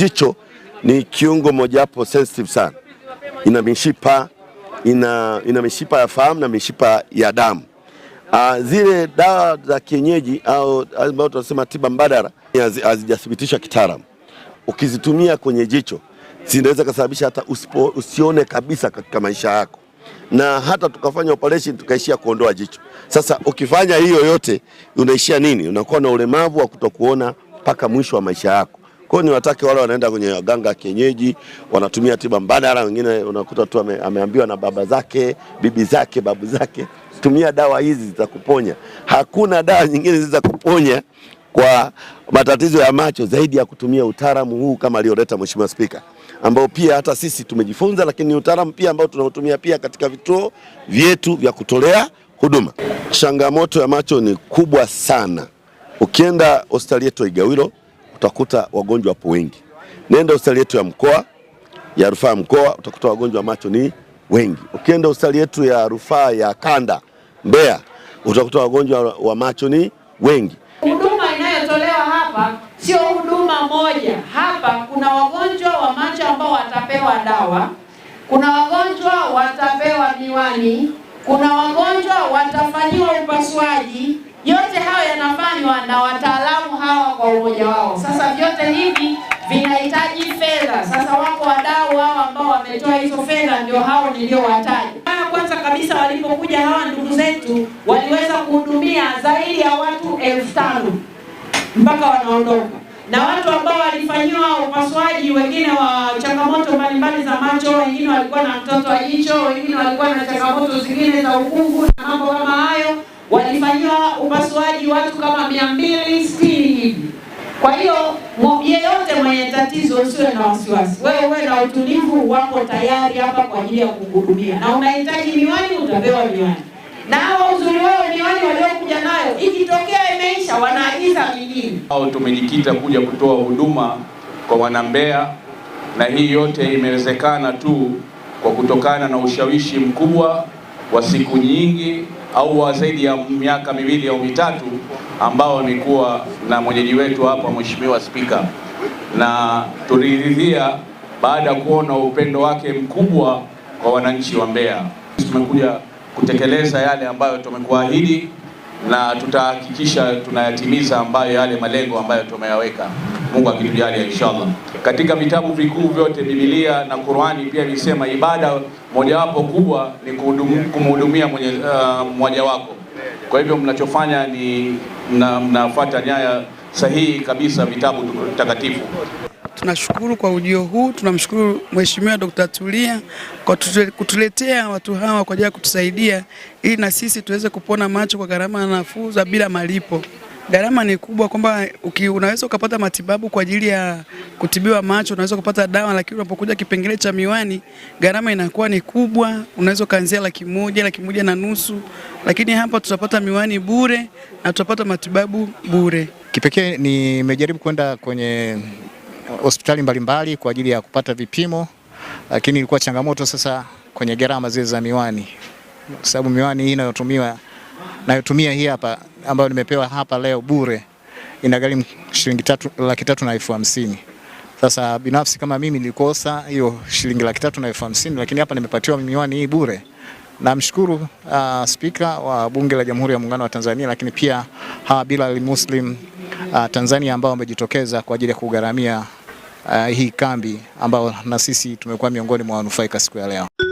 Jicho ni kiungo mojawapo sensitive sana, ina mishipa ina, ina mishipa ya fahamu na mishipa ya damu. Aa, ah, zile dawa za kienyeji au ambao tunasema tiba mbadala hazijathibitishwa kitaalamu, ukizitumia kwenye jicho zinaweza kusababisha hata usipo, usione kabisa katika maisha yako na hata tukafanya operation tukaishia kuondoa jicho. Sasa ukifanya hiyo yote unaishia nini? Unakuwa na ulemavu wa kutokuona mpaka mwisho wa maisha yako. Kwa hiyo niwatake wale wanaenda kwenye waganga kienyeji, wanatumia tiba mbadala. Wengine unakuta tu ame, ameambiwa na baba zake, bibi zake, babu zake, tumia dawa hizi zitakuponya. Hakuna dawa nyingine zitakuponya kwa matatizo ya macho zaidi ya kutumia utaalamu huu kama aliyoleta Mheshimiwa Spika, ambao pia hata sisi tumejifunza, lakini ni utaalamu pia ambao tunautumia pia katika vituo vyetu vya kutolea huduma. Changamoto ya macho ni kubwa sana. Ukienda hospitali yetu Igawilo utakuta wagonjwa wapo wengi. Nenda hospitali yetu ya mkoa ya rufaa ya mkoa utakuta wagonjwa wa macho ni wengi. Ukienda hospitali yetu ya rufaa ya kanda Mbeya utakuta wagonjwa wa macho ni wengi. Huduma inayotolewa hapa sio huduma moja. Hapa kuna wagonjwa wa macho ambao watapewa dawa, kuna wagonjwa watapewa miwani, kuna wagonjwa watafanyiwa upasuaji yote hayo yanafanywa na wataalamu hawa kwa umoja wao. Sasa vyote hivi vinahitaji fedha. Sasa wako wadau hao ambao wametoa hizo fedha, ndio hao niliowataja. Kwanza kabisa walipokuja hawa ndugu zetu waliweza kuhudumia zaidi ya watu elfu tano mpaka wanaondoka, na watu ambao walifanyiwa upasuaji, wengine wa changamoto mbalimbali za macho, wengine walikuwa na mtoto wa jicho, wengine walikuwa na changamoto zingine za ukungu na mambo kama hayo walifanyiwa upasuaji watu kama mia mbili sitini hivi. Kwa hiyo yeyote mwenye tatizo usiwe na wasiwasi, wewe uwe na utulivu, wako tayari hapa kwa ajili ya kukuhudumia, na unahitaji miwani, utapewa miwani. Na hao uzuri wao miwani waliokuja nayo ikitokea imeisha, wanaagiza mingine. Hao tumejikita kuja kutoa huduma kwa wanambea, na hii yote imewezekana tu kwa kutokana na ushawishi mkubwa wa siku nyingi au wa zaidi ya miaka miwili au mitatu ambao kuwa na mwenyeji wetu hapa Mheshimiwa Spika, na tuliridhia baada ya kuona upendo wake mkubwa kwa wananchi wa Mbeya. Tumekuja kutekeleza yale ambayo tumekuahidi na tutahakikisha tunayatimiza ambayo yale malengo ambayo tumeyaweka. Mungu akitujalia inshallah. Katika vitabu vikuu vyote Biblia na Qur'ani pia ilisema ibada mojawapo kubwa ni kumhudumia mwenye uh, wako. Kwa hivyo mnachofanya ni mnafuata mna nyaya sahihi kabisa vitabu takatifu. Tunashukuru kwa ujio huu, tunamshukuru Mheshimiwa Dkt. Tulia kwa kutuletea watu hawa kwa ajili ya kutusaidia ili na sisi tuweze kupona macho kwa gharama nafuu za bila malipo gharama ni kubwa, kwamba unaweza ukapata matibabu kwa ajili ya kutibiwa macho, unaweza kupata dawa, lakini unapokuja kipengele cha miwani gharama inakuwa ni kubwa, unaweza ukaanzia laki moja, laki moja na nusu, lakini hapa tutapata miwani bure na tutapata matibabu bure. Kipekee nimejaribu kwenda kwenye hospitali mbalimbali kwa ajili ya kupata vipimo, lakini ilikuwa changamoto sasa kwenye gharama zile za miwani, kwa sababu miwani hii inayotumiwa nayotumia hii hapa ambayo nimepewa hapa leo bure ina gharimu shilingi tatu, laki tatu na elfu hamsini. Sasa binafsi kama mimi nilikosa hiyo shilingi laki tatu na elfu hamsini, lakini hapa nimepatiwa miwani hii bure. Namshukuru uh, Spika wa Bunge la Jamhuri ya Muungano wa Tanzania, lakini pia hawa Bilal Muslim uh, Tanzania ambao wamejitokeza kwa ajili ya kugharamia uh, hii kambi ambao na sisi tumekuwa miongoni mwa wanufaika siku ya leo.